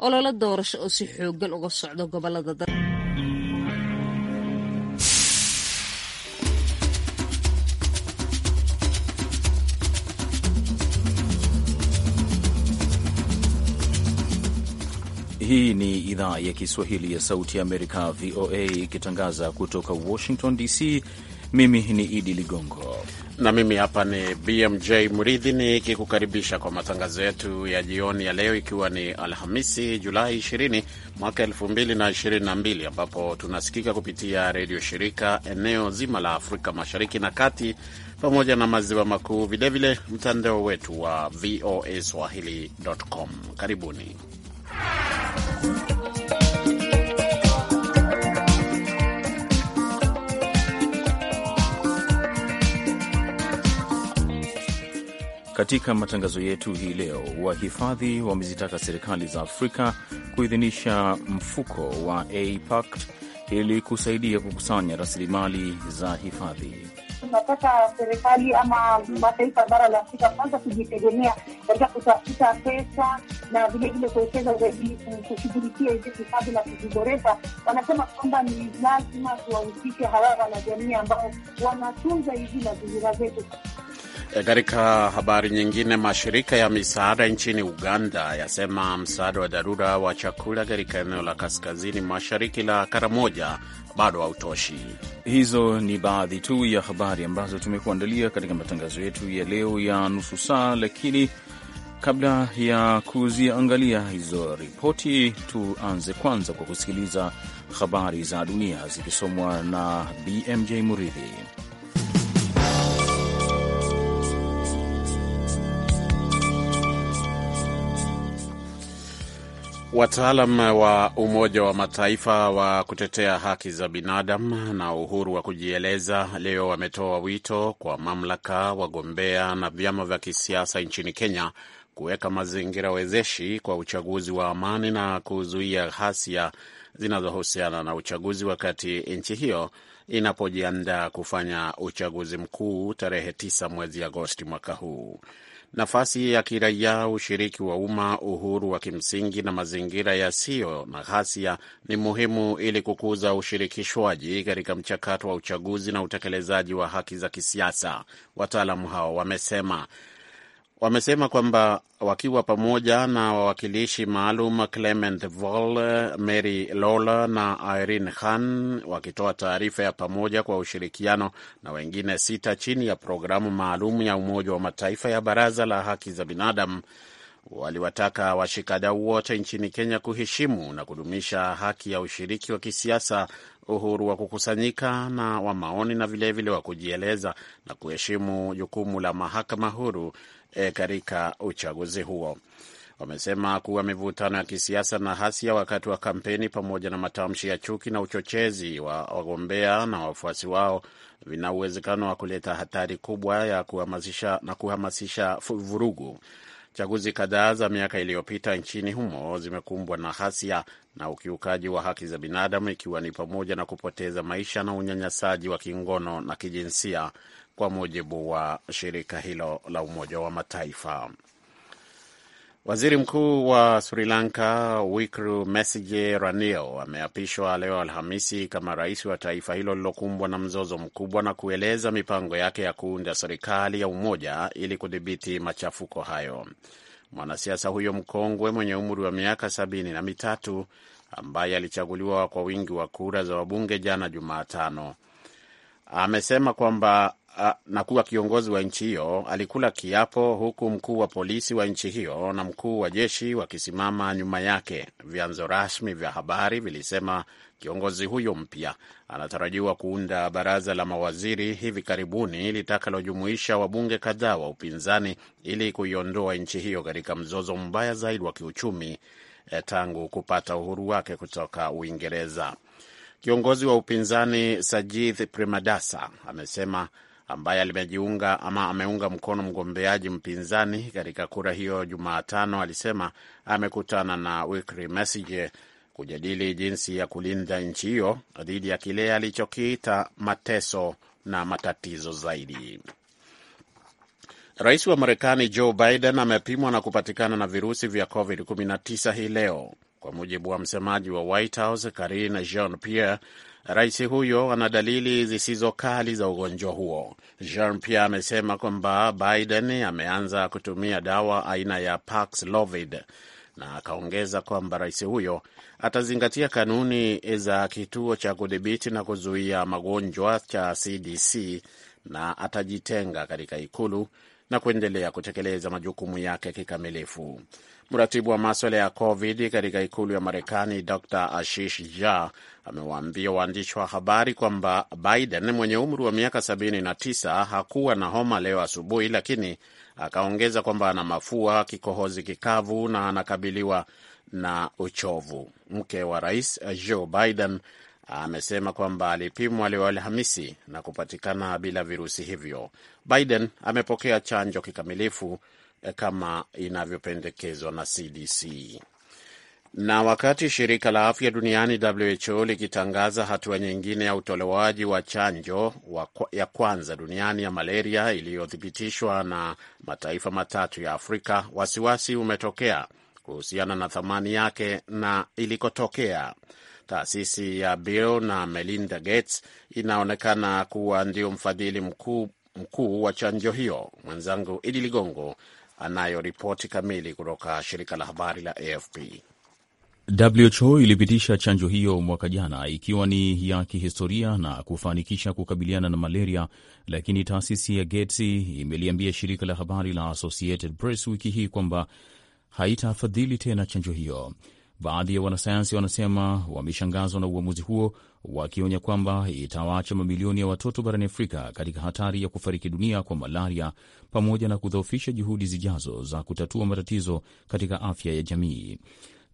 olole doorasho oo si xoogan uga socdo gobolada Hii ni idhaa ya Kiswahili ya Sauti ya Amerika, VOA, ikitangaza kutoka Washington DC. Mimi ni Idi Ligongo na mimi hapa ni BMJ Mridhi nikikukaribisha kwa matangazo yetu ya jioni ya leo, ikiwa ni Alhamisi Julai 20 mwaka 2022, ambapo tunasikika kupitia redio shirika eneo zima la Afrika Mashariki na Kati pamoja na maziwa makuu, vilevile mtandao wetu wa VOA Swahili.com. Karibuni Katika matangazo yetu hii leo, wahifadhi wamezitaka serikali za Afrika kuidhinisha mfuko wa APACT ili kusaidia kukusanya rasilimali za hifadhi. Tunataka serikali ama mataifa bara la Afrika kwanza kujitegemea katika kutafuta pesa na vilevile kuwekeza zaidi kushughulikia hizi hifadhi na kuziboresha. Wanasema kwamba ni lazima tuwahusishe hawa wanajamii ambao wanatunza hizi mazingira zetu. Eh, katika habari nyingine, mashirika ya misaada nchini Uganda yasema msaada wa dharura wa chakula katika eneo la kaskazini mashariki la Karamoja bado hautoshi. Hizo ni baadhi tu ya habari ambazo tumekuandalia katika matangazo yetu ya leo ya nusu saa, lakini kabla ya kuziangalia hizo ripoti, tuanze kwanza kwa kusikiliza habari za dunia zikisomwa na BMJ Muridhi. Wataalam wa Umoja wa Mataifa wa kutetea haki za binadamu na uhuru wa kujieleza leo wametoa wito kwa mamlaka, wagombea na vyama vya kisiasa nchini Kenya kuweka mazingira wezeshi kwa uchaguzi wa amani na kuzuia ghasia zinazohusiana na uchaguzi, wakati nchi hiyo inapojiandaa kufanya uchaguzi mkuu tarehe 9 mwezi Agosti mwaka huu nafasi ya kiraia, ushiriki wa umma, uhuru wa kimsingi na mazingira yasiyo na ghasia ni muhimu ili kukuza ushirikishwaji katika mchakato wa uchaguzi na utekelezaji wa haki za kisiasa, wataalamu hao wamesema wamesema kwamba wakiwa pamoja na wawakilishi maalum Clement Vol, Mary Lola na Irene Khan wakitoa taarifa ya pamoja kwa ushirikiano na wengine sita chini ya programu maalum ya Umoja wa Mataifa ya Baraza la Haki za Binadamu, waliwataka washikadau wote nchini Kenya kuheshimu na kudumisha haki ya ushiriki wa kisiasa, uhuru wa kukusanyika na wa maoni na vilevile wa kujieleza na kuheshimu jukumu la mahakama huru e, katika uchaguzi huo. Wamesema kuwa mivutano ya kisiasa na hasia wakati wa kampeni pamoja na matamshi ya chuki na uchochezi wa wagombea na wafuasi wao vina uwezekano wa kuleta hatari kubwa ya kuhamasisha na kuhamasisha vurugu. Chaguzi kadhaa za miaka iliyopita nchini humo zimekumbwa na hasia na ukiukaji wa haki za binadamu, ikiwa ni pamoja na kupoteza maisha na unyanyasaji wa kingono na kijinsia kwa mujibu wa shirika hilo la Umoja wa Mataifa. Waziri Mkuu wa Sri Lanka Wickremesinghe Messige Ranil ameapishwa leo Alhamisi kama rais wa taifa hilo lilokumbwa na mzozo mkubwa na kueleza mipango yake ya kuunda serikali ya umoja ili kudhibiti machafuko hayo. Mwanasiasa huyo mkongwe mwenye umri wa miaka sabini na mitatu ambaye alichaguliwa kwa wingi wa kura za wabunge jana Jumatano amesema kwamba na kuwa kiongozi wa nchi hiyo alikula kiapo huku mkuu wa polisi wa nchi hiyo na mkuu wa jeshi wakisimama nyuma yake. Vyanzo rasmi vya habari vilisema kiongozi huyo mpya anatarajiwa kuunda baraza la mawaziri hivi karibuni litakalojumuisha wabunge kadhaa wa upinzani ili kuiondoa nchi hiyo katika mzozo mbaya zaidi wa kiuchumi eh, tangu kupata uhuru wake kutoka Uingereza. Kiongozi wa upinzani Sajid Premadasa amesema ambaye alimejiunga ama ameunga mkono mgombeaji mpinzani katika kura hiyo Jumatano, alisema amekutana na Wikri Mesige kujadili jinsi ya kulinda nchi hiyo dhidi ya kile alichokiita mateso na matatizo zaidi. Rais wa Marekani Joe Biden amepimwa na kupatikana na virusi vya COVID-19 hii leo, kwa mujibu wa msemaji wa White House Karine Jean Pierre. Rais huyo ana dalili zisizo kali za ugonjwa huo. Jean Pierre amesema kwamba Biden ameanza kutumia dawa aina ya Paxlovid na akaongeza kwamba rais huyo atazingatia kanuni za kituo cha kudhibiti na kuzuia magonjwa cha CDC na atajitenga katika ikulu na kuendelea kutekeleza majukumu yake kikamilifu. Mratibu wa maswala ya COVID katika ikulu ya Marekani, Dr Ashish Jha amewaambia waandishi wa habari kwamba Biden mwenye umri wa miaka 79 hakuwa na homa leo asubuhi, lakini akaongeza kwamba ana mafua, kikohozi kikavu na anakabiliwa na uchovu. Mke wa rais Joe Biden amesema kwamba alipimwa leo Alhamisi na kupatikana bila virusi hivyo. Biden amepokea chanjo kikamilifu eh, kama inavyopendekezwa na CDC. Na wakati shirika la afya duniani WHO likitangaza hatua nyingine ya utolewaji wa chanjo wa kwa, ya kwanza duniani ya malaria iliyothibitishwa na mataifa matatu ya Afrika, wasiwasi umetokea kuhusiana na thamani yake na ilikotokea. Taasisi ya Bill na Melinda Gates inaonekana kuwa ndio mfadhili mkuu mkuu wa chanjo hiyo. Mwenzangu Idi Ligongo anayo ripoti kamili kutoka shirika la habari la AFP. WHO ilipitisha chanjo hiyo mwaka jana ikiwa ni ya kihistoria na kufanikisha kukabiliana na malaria, lakini taasisi ya Gates imeliambia shirika la habari la Associated Press wiki hii kwamba haitafadhili tena chanjo hiyo. Baadhi ya wanasayansi wanasema wameshangazwa na uamuzi huo, wakionya kwamba itawaacha mamilioni ya watoto barani Afrika katika hatari ya kufariki dunia kwa malaria, pamoja na kudhoofisha juhudi zijazo za kutatua matatizo katika afya ya jamii.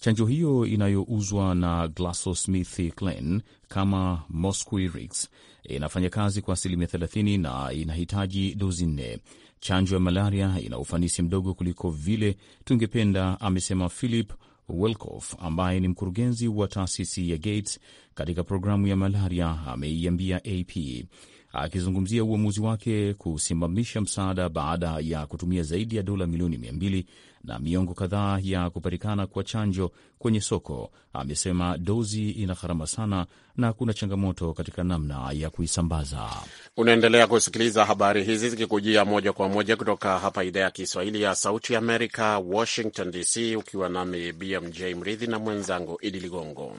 Chanjo hiyo inayouzwa na GlaxoSmithKline kama Mosquirix inafanya kazi kwa asilimia 30 na inahitaji dozi nne. Chanjo ya malaria ina ufanisi mdogo kuliko vile tungependa, amesema Philip Welkoff ambaye ni mkurugenzi wa taasisi ya Gates katika programu ya malaria ameiambia AP akizungumzia uamuzi wake kusimamisha msaada baada ya kutumia zaidi ya dola milioni mbili na miongo kadhaa ya kupatikana kwa chanjo kwenye soko, amesema dozi ina gharama sana na kuna changamoto katika namna ya kuisambaza. Unaendelea kusikiliza habari hizi zikikujia moja kwa moja kutoka hapa idhaa ya Kiswahili ya Sauti Amerika, Washington DC, ukiwa nami BMJ Mridhi na mwenzangu Idi Ligongo.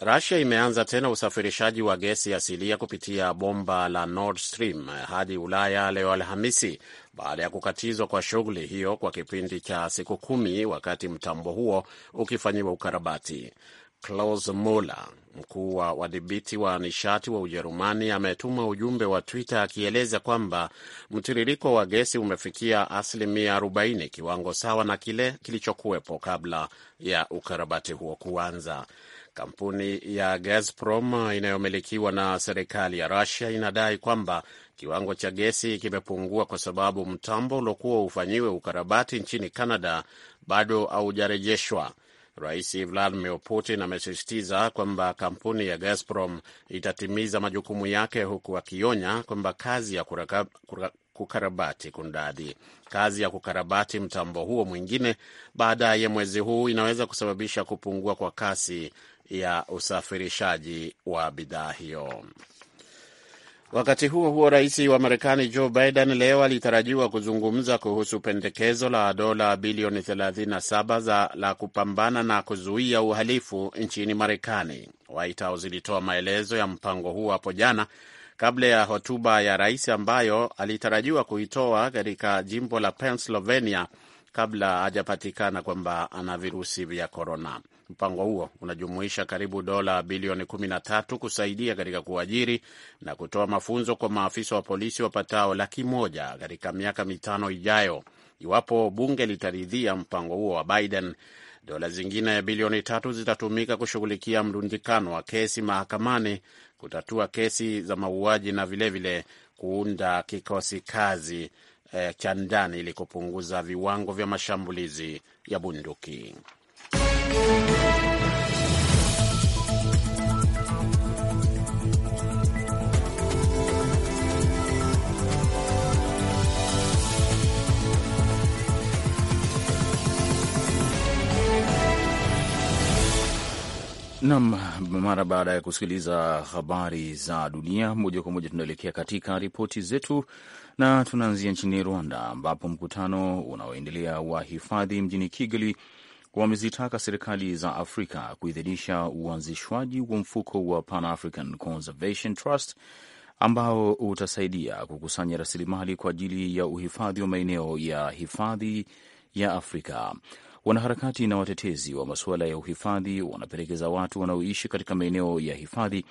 Rusia imeanza tena usafirishaji wa gesi asilia kupitia bomba la Nord Stream hadi Ulaya leo Alhamisi baada ya kukatizwa kwa shughuli hiyo kwa kipindi cha siku kumi wakati mtambo huo ukifanyiwa ukarabati. Klaus Muller, mkuu wa wadhibiti wa nishati wa Ujerumani, ametuma ujumbe wa Twitter akieleza kwamba mtiririko wa gesi umefikia asilimia 40, kiwango sawa na kile kilichokuwepo kabla ya ukarabati huo kuanza. Kampuni ya Gazprom inayomilikiwa na serikali ya rasia inadai kwamba kiwango cha gesi kimepungua kwa sababu mtambo uliokuwa ufanyiwe ukarabati nchini Canada bado haujarejeshwa. Rais Vladimir Putin amesisitiza kwamba kampuni ya Gazprom itatimiza majukumu yake, huku akionya kwamba kazi ya kuraka, kura, kukarabati kundadhi kazi ya kukarabati mtambo huo mwingine baadaye mwezi huu inaweza kusababisha kupungua kwa kasi ya usafirishaji wa bidhaa hiyo. Wakati huo huo, rais wa Marekani Joe Biden leo alitarajiwa kuzungumza kuhusu pendekezo la dola bilioni 37 za la kupambana na kuzuia uhalifu nchini Marekani. White House ilitoa maelezo ya mpango huo hapo jana kabla ya hotuba ya rais ambayo alitarajiwa kuitoa katika jimbo la Pennsylvania kabla hajapatikana kwamba ana virusi vya korona. Mpango huo unajumuisha karibu dola bilioni 13 kusaidia katika kuajiri na kutoa mafunzo kwa maafisa wa polisi wapatao laki moja katika miaka mitano ijayo. Iwapo bunge litaridhia mpango huo wa Biden, dola zingine bilioni tatu zitatumika kushughulikia mrundikano wa kesi mahakamani, kutatua kesi za mauaji na vilevile vile kuunda kikosi kazi eh, cha ndani ili kupunguza viwango vya mashambulizi ya bunduki. Nam, mara baada ya kusikiliza habari za dunia moja kwa moja, tunaelekea katika ripoti zetu na tunaanzia nchini Rwanda, ambapo mkutano unaoendelea wa hifadhi mjini Kigali wamezitaka serikali za Afrika kuidhinisha uanzishwaji wa mfuko wa Pan African Conservation Trust ambao utasaidia kukusanya rasilimali kwa ajili ya uhifadhi wa maeneo ya hifadhi ya Afrika. Wanaharakati na watetezi wa masuala ya uhifadhi wanapendekeza watu wanaoishi katika maeneo ya hifadhi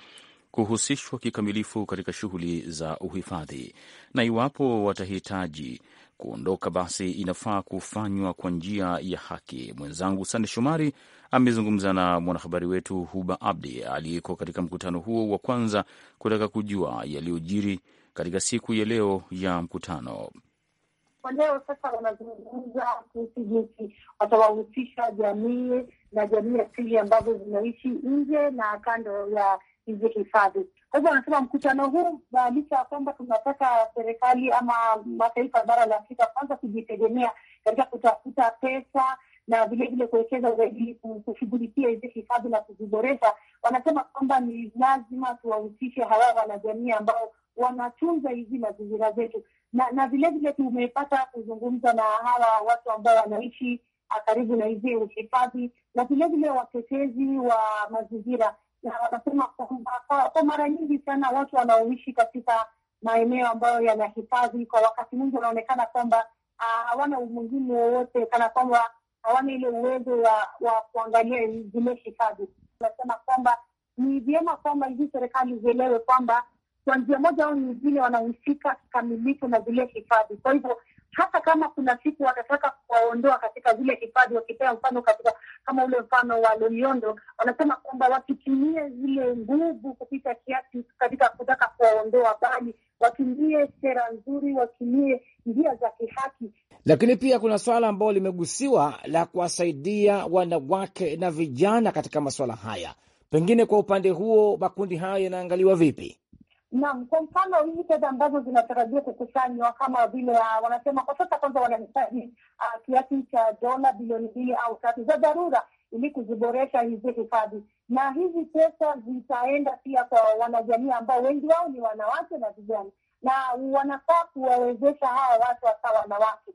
kuhusishwa kikamilifu katika shughuli za uhifadhi, na iwapo watahitaji kuondoka, basi inafaa kufanywa kwa njia ya haki. Mwenzangu Sande Shomari amezungumza na mwanahabari wetu Huba Abdi aliyeko katika mkutano huo wa kwanza, kutaka kujua yaliyojiri katika siku ya leo ya mkutano kwa leo sasa wanazungumza kuhusu jinsi watawahusisha jamii na jamii asili ambazo zinaishi nje na kando ya hizi hifadhi. Kwa hivyo wanasema mkutano huu, licha ya kwamba tunataka serikali ama mataifa ya bara la Afrika kwanza kujitegemea katika kutafuta pesa na vilevile kuwekeza zaidi kushughulikia hizi hifadhi na kuziboresha, wanasema kwamba ni lazima tuwahusishe hawa wanajamii ambao wanatunza hizi mazingira zetu na na vilevile tumepata kuzungumza na hawa watu ambao wanaishi ah, karibu na hizi uhifadhi na vilevile watetezi wa mazingira, na wanasema kwamba kwa mara nyingi sana watu wanaoishi katika maeneo ambayo yanahifadhi, kwa wakati mwingi wanaonekana kwamba ah, hawana umuhimu wowote, kana kwamba hawana ile uwezo wa, wa kuangalia zile hifadhi. Wanasema kwamba ni vyema kwamba hizi serikali zielewe kwamba kwa njia moja au nyingine wanahusika kikamilifu na zile hifadhi. Kwa hivyo hata kama kuna siku watataka kuwaondoa katika zile hifadhi, wakipea mfano katika kama ule mfano wa Loliondo, wanasema kwamba wasitumie zile nguvu kupita kiasi katika kutaka kuwaondoa, bali watumie sera nzuri, watumie njia za kihaki. Lakini pia kuna swala ambalo limegusiwa la kuwasaidia wanawake na vijana katika masuala haya. Pengine kwa upande huo makundi hayo yanaangaliwa vipi? Naam, kwa mfano hizi fedha ambazo zinatarajiwa kukusanywa kama vile uh, wanasema kwa sasa kwanza wanahitaji uh, kiasi cha dola bilioni mbili au tatu za dharura ili kuziboresha hizi hifadhi, na hizi pesa zitaenda pia kwa wanajamii ambao wengi wao ni wanawake na vijana, na wanafaa kuwawezesha hawa watu hasa wanawake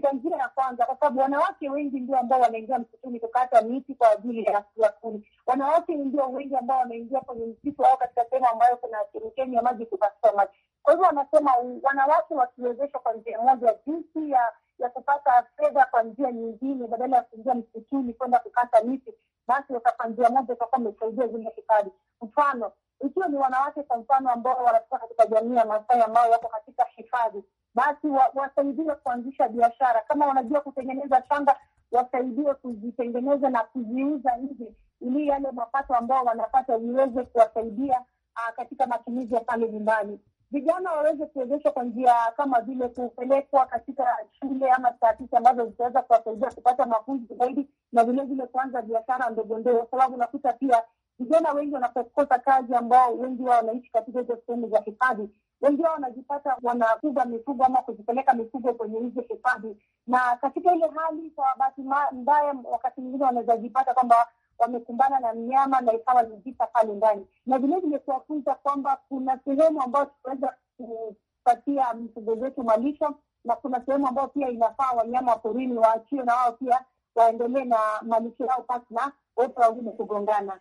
katika njia ya kwanza, kwa sababu wanawake wengi ndio ambao wanaingia msituni kukata miti kwa ajili ya kuni. Wanawake ndio wengi ambao wanaingia kwenye msitu au katika sehemu ambayo kuna chemchemi ya maji kutafuta maji. Kwa hivyo wanasema wanawake wakiwezeshwa kwa njia moja, jinsi ya ya kupata fedha kwa njia nyingine, badala ya kuingia msituni kwenda kukata miti, basi kwa njia moja itakuwa umesaidia zile hifadhi. Mfano, ikiwa ni wanawake kwa mfano ambao wanatoka katika jamii ya Masai ambao wako katika hifadhi basi wasaidiwe kuanzisha biashara. Kama wanajua kutengeneza shanga, wasaidiwe kuzitengeneza na kuziuza nje, ili yale mapato ambao wanapata viweze kuwasaidia ah, katika matumizi ya pale nyumbani. Vijana waweze kuwezeshwa kwa njia kama vile kupelekwa katika shule ama taasisi ambazo zitaweza kuwasaidia kupata mafunzo zaidi, na vilevile kuanza biashara ndogo ndogo, kwa sababu unakuta pia vijana wengi wanapokosa kazi, ambao wengi wao wanaishi katika hizo sehemu za hifadhi wengi wao wanajipata wanafuga mifugo ama kuzipeleka mifugo kwenye hizi hifadhi, na katika ile hali, kwa bahati mbaya, wakati mwingine wanaweza jipata kwamba wamekumbana na mnyama na ikawa ni vita pale ndani, na vilevile kuwafunza kwamba kuna sehemu ambayo tunaweza kupatia mifugo zetu malisho na kuna sehemu ambayo pia inafaa wanyama wa porini waachie na wao pia waendelee na malisho yao pasi na wepo wawili kugongana.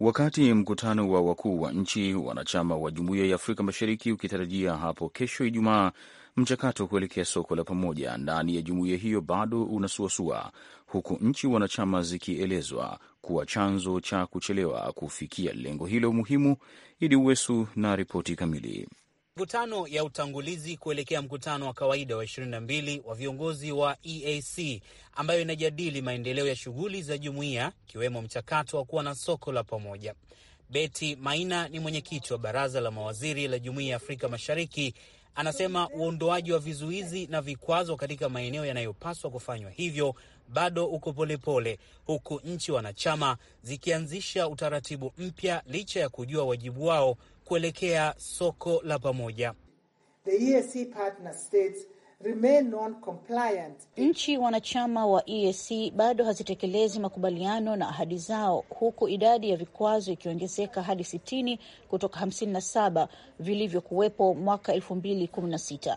Wakati mkutano wa wakuu wa nchi wanachama wa Jumuiya ya Afrika Mashariki ukitarajia hapo kesho Ijumaa, mchakato kuelekea soko la pamoja ndani ya jumuiya hiyo bado unasuasua, huku nchi wanachama zikielezwa kuwa chanzo cha kuchelewa kufikia lengo hilo muhimu. Idi Uwesu na ripoti kamili. Mikutano ya utangulizi kuelekea mkutano wa kawaida wa 22 wa viongozi wa EAC ambayo inajadili maendeleo ya shughuli za jumuiya ikiwemo mchakato wa kuwa na soko la pamoja. Beti Maina ni mwenyekiti wa baraza la mawaziri la Jumuiya ya Afrika Mashariki. Anasema uondoaji wa vizuizi na vikwazo katika maeneo yanayopaswa kufanywa hivyo bado uko polepole, huku nchi wanachama zikianzisha utaratibu mpya licha ya kujua wajibu wao kuelekea soko la pamoja. E Nchi wanachama wa EAC bado hazitekelezi makubaliano na ahadi zao, huku idadi ya vikwazo ikiongezeka hadi 60 kutoka 57 vilivyokuwepo mwaka 2016.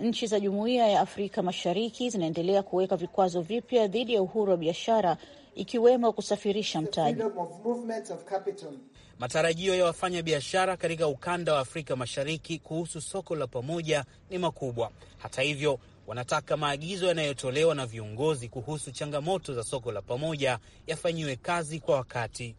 Nchi za Jumuiya ya Afrika Mashariki zinaendelea kuweka vikwazo vipya dhidi ya uhuru wa biashara, ikiwemo kusafirisha mtaji. Matarajio ya wafanya biashara katika ukanda wa Afrika Mashariki kuhusu soko la pamoja ni makubwa. Hata hivyo, wanataka maagizo yanayotolewa na viongozi kuhusu changamoto za soko la pamoja yafanyiwe kazi kwa wakati.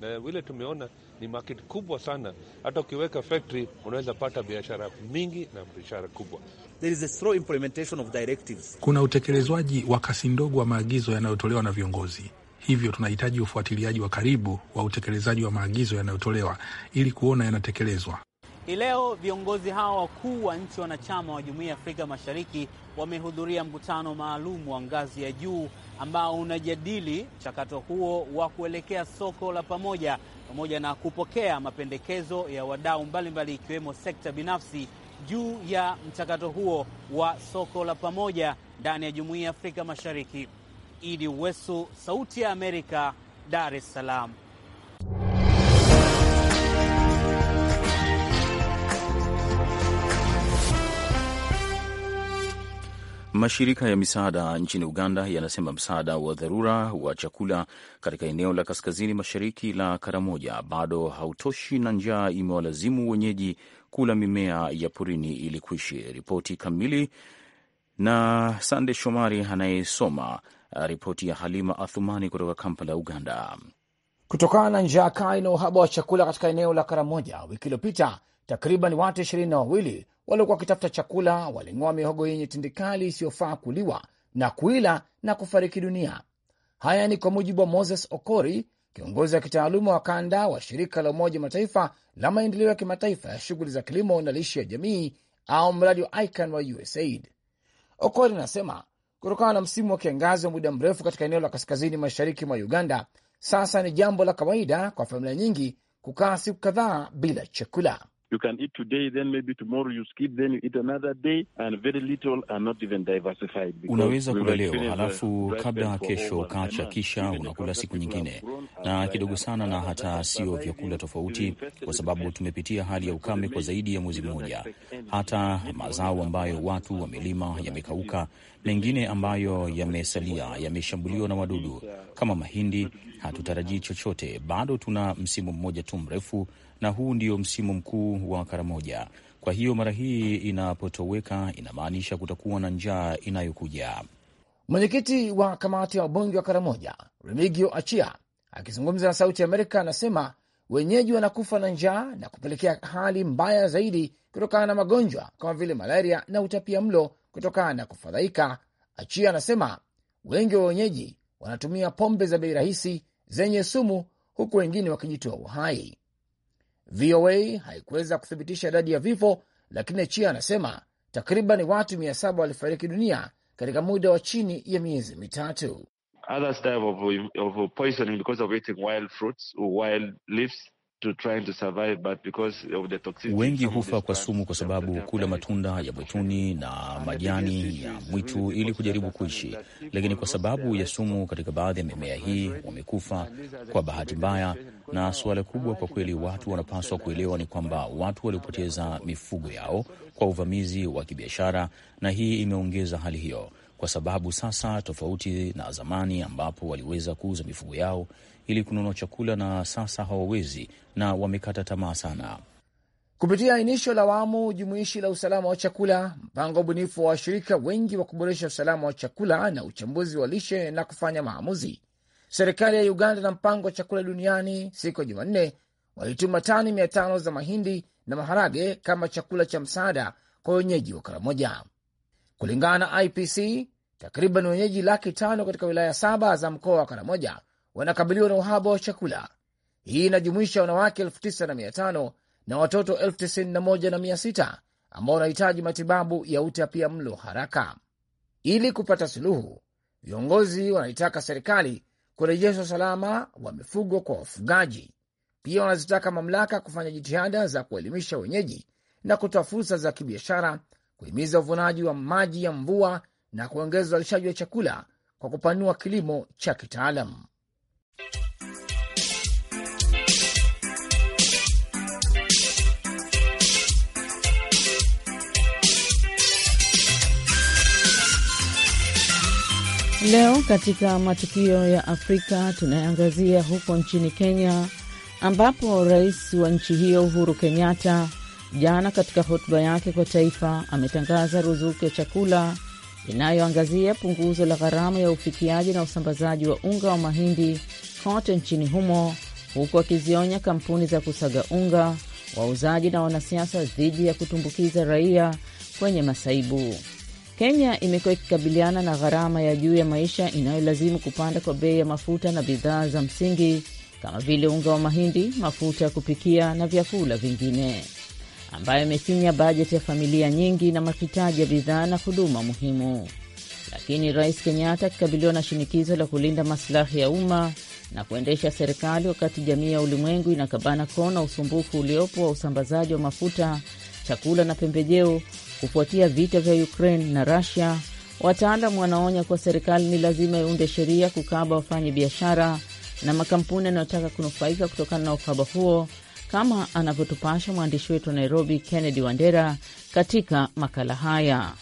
Na vile tumeona ni market kubwa sana, hata ukiweka factory unaweza pata biashara mingi na biashara kubwa. There is a slow implementation of directives. Kuna utekelezwaji wa kasi ndogo wa maagizo yanayotolewa na viongozi. Hivyo tunahitaji ufuatiliaji wa karibu wa utekelezaji wa maagizo yanayotolewa ili kuona yanatekelezwa. Hii leo viongozi hawa wakuu wa nchi wanachama wa Jumuiya ya Afrika Mashariki wamehudhuria mkutano maalum wa ngazi ya juu ambao unajadili mchakato huo wa kuelekea soko la pamoja pamoja na kupokea mapendekezo ya wadau mbalimbali ikiwemo sekta binafsi juu ya mchakato huo wa soko la pamoja ndani ya Jumuiya ya Afrika Mashariki. Idi Uwesu, Sauti ya Amerika, Dar es Salaam. Mashirika ya misaada nchini Uganda yanasema msaada wa dharura wa chakula katika eneo la kaskazini mashariki la Karamoja bado hautoshi na njaa imewalazimu wenyeji kula mimea ya porini ili kuishi. Ripoti kamili na Sande Shomari anayesoma Uh, ripoti ya Halima Athumani kutoka Kampala, Uganda. Kutokana na njaa kali na uhaba wa chakula katika eneo la Karamoja, wiki iliyopita takriban watu ishirini na wawili waliokuwa wakitafuta chakula waling'oa mihogo yenye tindikali isiyofaa kuliwa na kuila na kufariki dunia. Haya ni kwa mujibu wa Moses Okori, kiongozi wa kitaaluma wa kanda wa shirika la Umoja Mataifa la maendeleo ya kimataifa ya shughuli za kilimo na lishe ya jamii au mradi wa ICAN wa USAID. Okori anasema kutokana na msimu wa kiangazi wa muda mrefu katika eneo la kaskazini mashariki mwa Uganda. Sasa ni jambo la kawaida kwa familia nyingi kukaa siku kadhaa bila chakula. You can eat today, then maybe tomorrow you skip, then you eat another day, and very little are not even diversified. Unaweza kula leo halafu kabla kesho ukaacha kisha unakula siku nyingine na kidogo sana, na hata sio vyakula tofauti, kwa sababu tumepitia hali ya ukame kwa zaidi ya mwezi mmoja. Hata mazao ambayo watu wamelima yamekauka, mengine ambayo yamesalia yameshambuliwa na wadudu. Kama mahindi, hatutarajii chochote, bado tuna msimu mmoja tu mrefu na huu ndio msimu mkuu wa Karamoja. Kwa hiyo mara hii inapotoweka inamaanisha kutakuwa na njaa inayokuja. Mwenyekiti wa kamati ya wabunge wa Karamoja, Remigio Achia, akizungumza na Sauti ya Amerika, anasema wenyeji wanakufa na njaa na kupelekea hali mbaya zaidi kutokana na magonjwa kama vile malaria na utapia mlo kutokana na kufadhaika. Achia anasema wengi wa wenyeji wanatumia pombe za bei rahisi zenye sumu, huku wengine wakijitoa uhai. VOA haikuweza kuthibitisha idadi ya vifo, lakini Chia anasema takriban watu mia saba walifariki dunia katika muda wa chini ya miezi mitatu. Others of, of poisoning because of eating wild fruits or wild leaves. To to survive, but because of the toxicity, wengi hufa kwa sumu kwa sababu kula matunda ya mwituni na majani ya mwitu ili kujaribu kuishi, lakini kwa sababu ya sumu katika baadhi ya mimea hii wamekufa kwa bahati mbaya. Na suala kubwa kwa kweli watu wanapaswa kuelewa ni kwamba watu waliopoteza mifugo yao kwa uvamizi wa kibiashara, na hii imeongeza hali hiyo, kwa sababu sasa, tofauti na zamani ambapo waliweza kuuza mifugo yao ili kununua chakula na sasa hawawezi na wamekata tamaa sana. Kupitia ainisho la awamu jumuishi la usalama wa chakula, mpango wa ubunifu wa washirika wengi wa kuboresha usalama wa chakula na uchambuzi wa lishe na kufanya maamuzi, serikali ya Uganda na mpango wa chakula duniani siku ya Jumanne walituma tani mia tano za mahindi na maharage kama chakula cha msaada kwa wenyeji wa Karamoja. Kulingana na IPC, takriban wenyeji laki tano katika wilaya saba za mkoa wa Karamoja wanakabiliwa na uhaba wa chakula. Hii inajumuisha wanawake elfu tisa na mia tano na watoto elfu tisini na moja na mia sita ambao wanahitaji matibabu ya utapia mlo haraka. Ili kupata suluhu, viongozi wanaitaka serikali kurejesha usalama wa mifugo kwa wafugaji. Pia wanazitaka mamlaka kufanya jitihada za kuelimisha wenyeji na kutoa fursa za kibiashara, kuhimiza uvunaji wa maji ya mvua na kuongeza uzalishaji wa chakula kwa kupanua kilimo cha kitaalamu. Leo katika matukio ya Afrika tunayeangazia huko nchini Kenya, ambapo rais wa nchi hiyo Uhuru Kenyatta jana katika hotuba yake kwa taifa ametangaza ruzuku ya chakula inayoangazia punguzo la gharama ya ufikiaji na usambazaji wa unga wa mahindi kote nchini humo, huku akizionya kampuni za kusaga unga, wauzaji na wanasiasa dhidi ya kutumbukiza raia kwenye masaibu. Kenya imekuwa ikikabiliana na gharama ya juu ya maisha inayolazimu kupanda kwa bei ya mafuta na bidhaa za msingi kama vile unga wa mahindi, mafuta ya kupikia na vyakula vingine, ambayo imefinya bajeti ya familia nyingi na mahitaji ya bidhaa na huduma muhimu. Lakini Rais Kenyatta akikabiliwa na shinikizo la kulinda masilahi ya umma na kuendesha serikali wakati jamii ya ulimwengu inakabana kona usumbufu uliopo wa usambazaji wa mafuta, chakula na pembejeo kufuatia vita vya Ukraine na Rusia. Wataalam wanaonya kuwa serikali ni lazima iunde sheria kukaba wafanya biashara na makampuni yanayotaka kunufaika kutokana na ukaba huo, kama anavyotupasha mwandishi wetu wa Nairobi, Kennedy Wandera, katika makala haya.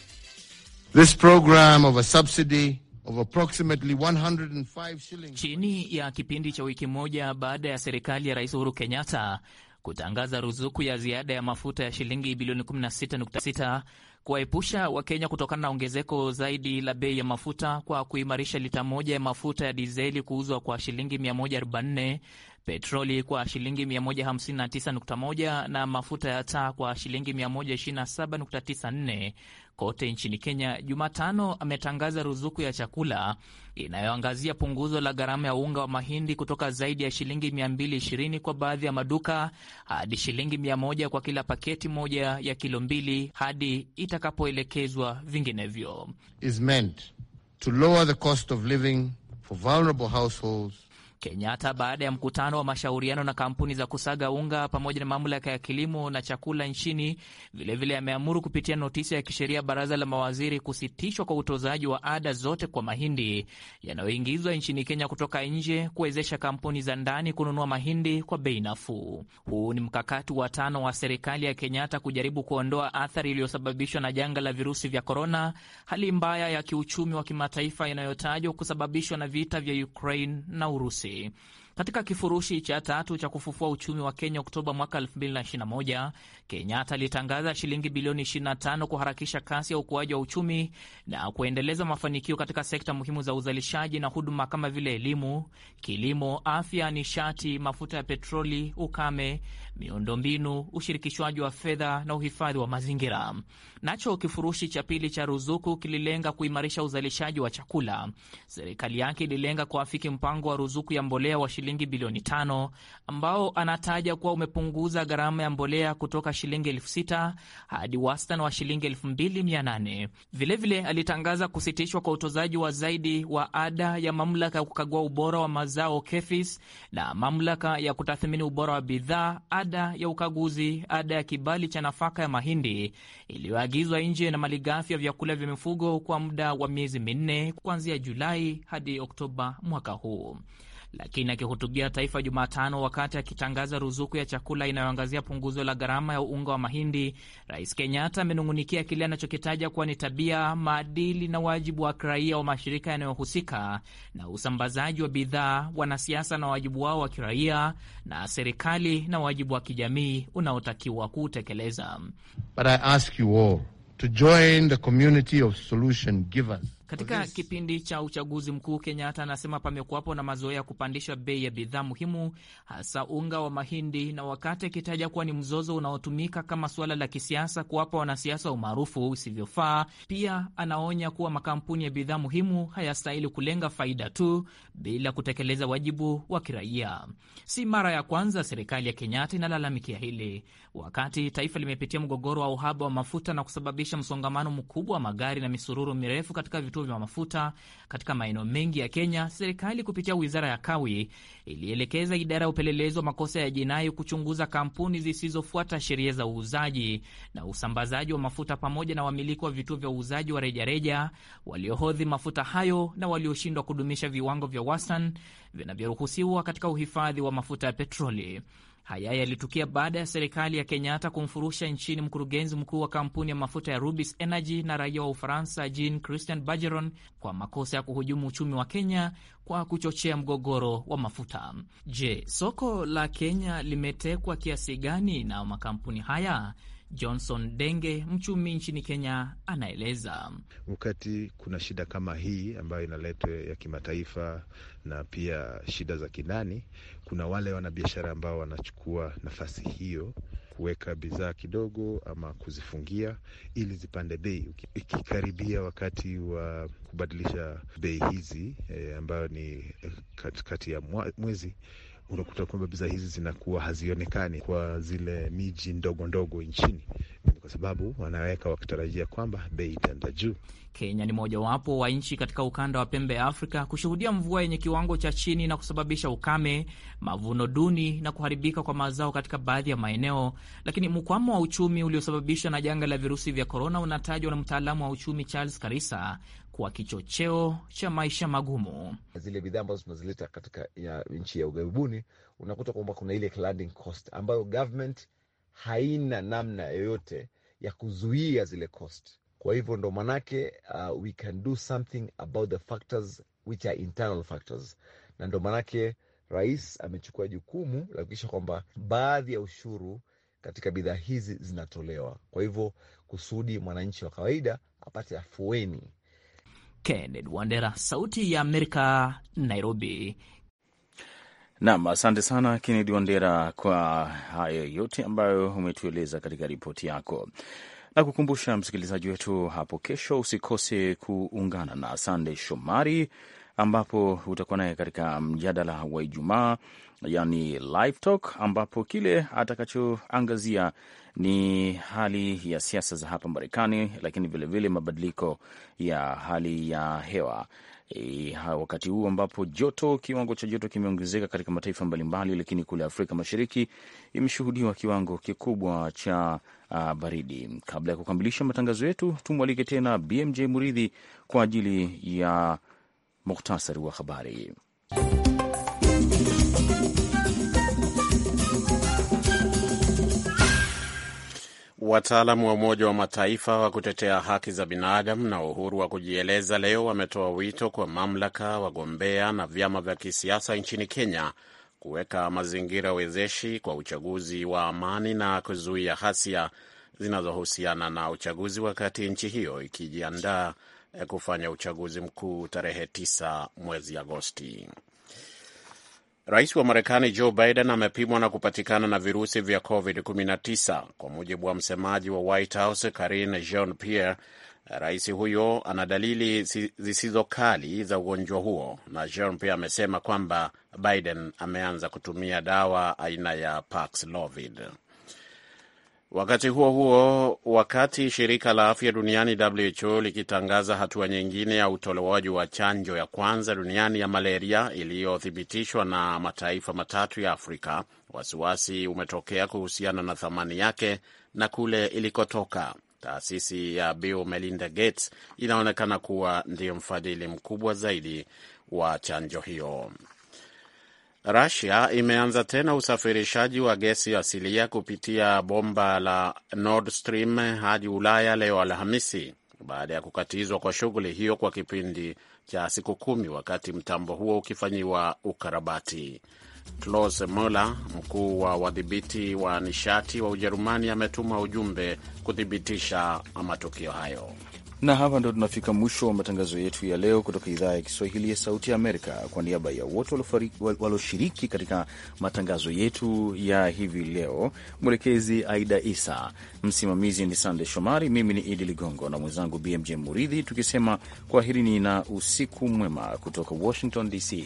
This program of a subsidy Of approximately 105 shillings. Chini ya kipindi cha wiki moja baada ya serikali ya Rais Uhuru Kenyatta kutangaza ruzuku ya ziada ya mafuta ya shilingi bilioni 16.6 kuwaepusha Wakenya kutokana na ongezeko zaidi la bei ya mafuta kwa kuimarisha lita moja ya mafuta ya dizeli kuuzwa kwa shilingi 144, petroli kwa shilingi 159.1 na mafuta ya taa kwa shilingi 127.94 kote nchini Kenya Jumatano ametangaza ruzuku ya chakula inayoangazia punguzo la gharama ya unga wa mahindi kutoka zaidi ya shilingi 220 kwa baadhi ya maduka hadi shilingi 100 kwa kila paketi moja ya kilo mbili hadi itakapoelekezwa vinginevyo. Kenyatta baada ya mkutano wa mashauriano na kampuni za kusaga unga pamoja na mamlaka ya kilimo na chakula nchini. Vilevile ameamuru kupitia notisi ya kisheria baraza la mawaziri kusitishwa kwa utozaji wa ada zote kwa mahindi yanayoingizwa nchini Kenya kutoka nje, kuwezesha kampuni za ndani kununua mahindi kwa bei nafuu. Huu ni mkakati wa tano wa serikali ya Kenyatta kujaribu kuondoa athari iliyosababishwa na janga la virusi vya korona, hali mbaya ya kiuchumi wa kimataifa inayotajwa kusababishwa na vita vya Ukraine na Urusi katika kifurushi cha tatu cha kufufua uchumi wa Kenya Oktoba mwaka Kenyatta alitangaza shilingi bilioni 25 kuharakisha kasi ya ukuaji wa uchumi na kuendeleza mafanikio katika sekta muhimu za uzalishaji na huduma kama vile elimu, kilimo, afya, nishati, mafuta ya petroli, ukame, miundombinu, ushirikishwaji wa fedha na uhifadhi wa mazingira. Nacho kifurushi cha pili cha ruzuku kililenga kuimarisha uzalishaji wa chakula. Serikali yake ililenga kuafiki mpango wa ruzuku ya mbolea wa shilingi bilioni 5 ambao anataja kuwa umepunguza gharama ya mbolea kutoka shilingi elfu sita hadi wastani wa shilingi elfu mbili mia nane. Vilevile alitangaza kusitishwa kwa utozaji wa zaidi wa ada ya mamlaka ya kukagua ubora wa mazao KEFIS na mamlaka ya kutathmini ubora wa bidhaa, ada ya ukaguzi, ada ya kibali cha nafaka ya mahindi iliyoagizwa nje na malighafi ya vyakula vya mifugo kwa muda wa miezi minne kuanzia Julai hadi Oktoba mwaka huu lakini akihutubia taifa Jumatano wakati akitangaza ruzuku ya chakula inayoangazia punguzo la gharama ya unga wa mahindi, Rais Kenyatta amenung'unikia kile anachokitaja kuwa ni tabia, maadili na wajibu wa kiraia wa mashirika yanayohusika na usambazaji wa bidhaa, wanasiasa na wajibu wao wa kiraia, na serikali na wajibu wa kijamii unaotakiwa kuutekeleza. But I ask you all to join the community of solution givers katika kipindi cha uchaguzi mkuu, Kenyatta anasema pamekuwapo na mazoea ya kupandisha bei ya bidhaa muhimu, hasa unga wa mahindi, na wakati akitaja kuwa ni mzozo unaotumika kama suala la kisiasa kuwapa wanasiasa umaarufu usivyofaa. Pia anaonya kuwa makampuni ya bidhaa muhimu hayastahili kulenga faida tu bila kutekeleza wajibu wa kiraia. Si mara ya kwanza serikali ya Kenyatta inalalamikia hili, wakati taifa limepitia mgogoro wa uhaba wa mafuta na kusababisha msongamano mkubwa wa magari na misururu mirefu katika vituo vituo vya mafuta katika maeneo mengi ya Kenya, serikali kupitia wizara ya kawi ilielekeza idara ya upelelezi wa makosa ya jinai kuchunguza kampuni zisizofuata sheria za uuzaji na usambazaji wa mafuta pamoja na wamiliki wa vituo vya uuzaji wa rejareja waliohodhi mafuta hayo na walioshindwa kudumisha viwango vya wastani vinavyoruhusiwa katika uhifadhi wa mafuta ya petroli. Haya yalitukia baada ya serikali ya Kenyatta kumfurusha nchini mkurugenzi mkuu wa kampuni ya mafuta ya Rubis Energy na raia wa Ufaransa Jean Christian Bergeron kwa makosa ya kuhujumu uchumi wa Kenya kwa kuchochea mgogoro wa mafuta. Je, soko la Kenya limetekwa kiasi gani na makampuni haya? Johnson Denge, mchumi nchini Kenya, anaeleza. Wakati kuna shida kama hii ambayo inaletwa ya kimataifa na pia shida za kindani, kuna wale wanabiashara ambao wanachukua nafasi hiyo kuweka bidhaa kidogo ama kuzifungia ili zipande bei ikikaribia wakati wa kubadilisha bei hizi e, ambayo ni eh, katikati ya mwezi unakuta kwamba bidhaa hizi zinakuwa hazionekani kwa zile miji ndogo ndogo nchini kwa sababu wanaweka wakitarajia kwamba bei itaenda juu. Kenya ni mojawapo wa nchi katika ukanda wa pembe ya Afrika kushuhudia mvua yenye kiwango cha chini na kusababisha ukame, mavuno duni na kuharibika kwa mazao katika baadhi ya maeneo. Lakini mkwamo wa uchumi uliosababishwa na janga la virusi vya korona unatajwa na mtaalamu wa uchumi Charles Karisa kuwa kichocheo cha maisha magumu. Zile bidhaa ambazo tunazileta katika ya nchi ya ugharibuni, unakuta kwamba kuna ile landing cost ambayo government haina namna yoyote ya kuzuia zile cost. Kwa hivyo ndo manake uh, we can do something about the factors which are internal factors, na ndo manake rais amechukua jukumu la kuhakikisha kwamba baadhi ya ushuru katika bidhaa hizi zinatolewa, kwa hivyo kusudi mwananchi wa kawaida apate afueni Kennedy Wandera, Sauti ya Amerika, Nairobi. Nam, asante sana Kennedy Wandera kwa hayo yote ambayo umetueleza katika ripoti yako. Na kukumbusha msikilizaji wetu, hapo kesho usikose kuungana na Sande Shomari ambapo utakuwa naye katika mjadala wa Ijumaa yani live talk, ambapo kile atakachoangazia ni hali ya siasa za hapa Marekani, lakini vilevile mabadiliko ya hali ya hewa E, wakati huu ambapo joto kiwango cha joto kimeongezeka katika mataifa mbalimbali, lakini kule Afrika Mashariki imeshuhudiwa kiwango kikubwa cha uh, baridi. Kabla ya kukamilisha matangazo yetu, tumwalike tena BMJ Muridhi kwa ajili ya muhtasari wa habari. Wataalamu wa Umoja wa Mataifa wa kutetea haki za binadamu na uhuru wa kujieleza leo wametoa wito kwa mamlaka, wagombea na vyama vya kisiasa nchini Kenya kuweka mazingira wezeshi kwa uchaguzi wa amani na kuzuia hasia zinazohusiana na uchaguzi, wakati nchi hiyo ikijiandaa kufanya uchaguzi mkuu tarehe 9 mwezi Agosti. Rais wa Marekani Joe Biden amepimwa na kupatikana na virusi vya COVID-19 kwa mujibu wa msemaji wa White House Karine Jean Pierre. Rais huyo ana dalili zisizo kali za ugonjwa huo, na Jean Pierre amesema kwamba Biden ameanza kutumia dawa aina ya Paxlovid. Wakati huo huo, wakati shirika la afya duniani WHO likitangaza hatua nyingine ya utolewaji wa chanjo ya kwanza duniani ya malaria iliyothibitishwa na mataifa matatu ya Afrika, wasiwasi umetokea kuhusiana na thamani yake na kule ilikotoka. Taasisi ya Bill Melinda Gates inaonekana kuwa ndiyo mfadhili mkubwa zaidi wa chanjo hiyo rasia imeanza tena usafirishaji wa gesi asilia kupitia bomba la Nord Stream hadi Ulaya leo Alhamisi baada ya kukatizwa kwa shughuli hiyo kwa kipindi cha siku kumi wakati mtambo huo ukifanyiwa ukarabati. Klaus Muller, mkuu wa wadhibiti wa nishati wa Ujerumani, ametuma ujumbe kuthibitisha matukio hayo. Na hapa ndo tunafika mwisho wa matangazo yetu ya leo kutoka idhaa ya Kiswahili ya Sauti ya Amerika. Kwa niaba ya wote walioshiriki katika matangazo yetu ya hivi leo, mwelekezi Aida Isa, msimamizi ni Sande Shomari, mimi ni Idi Ligongo na mwenzangu BMJ Muridhi, tukisema kwaherini na usiku mwema kutoka Washington DC.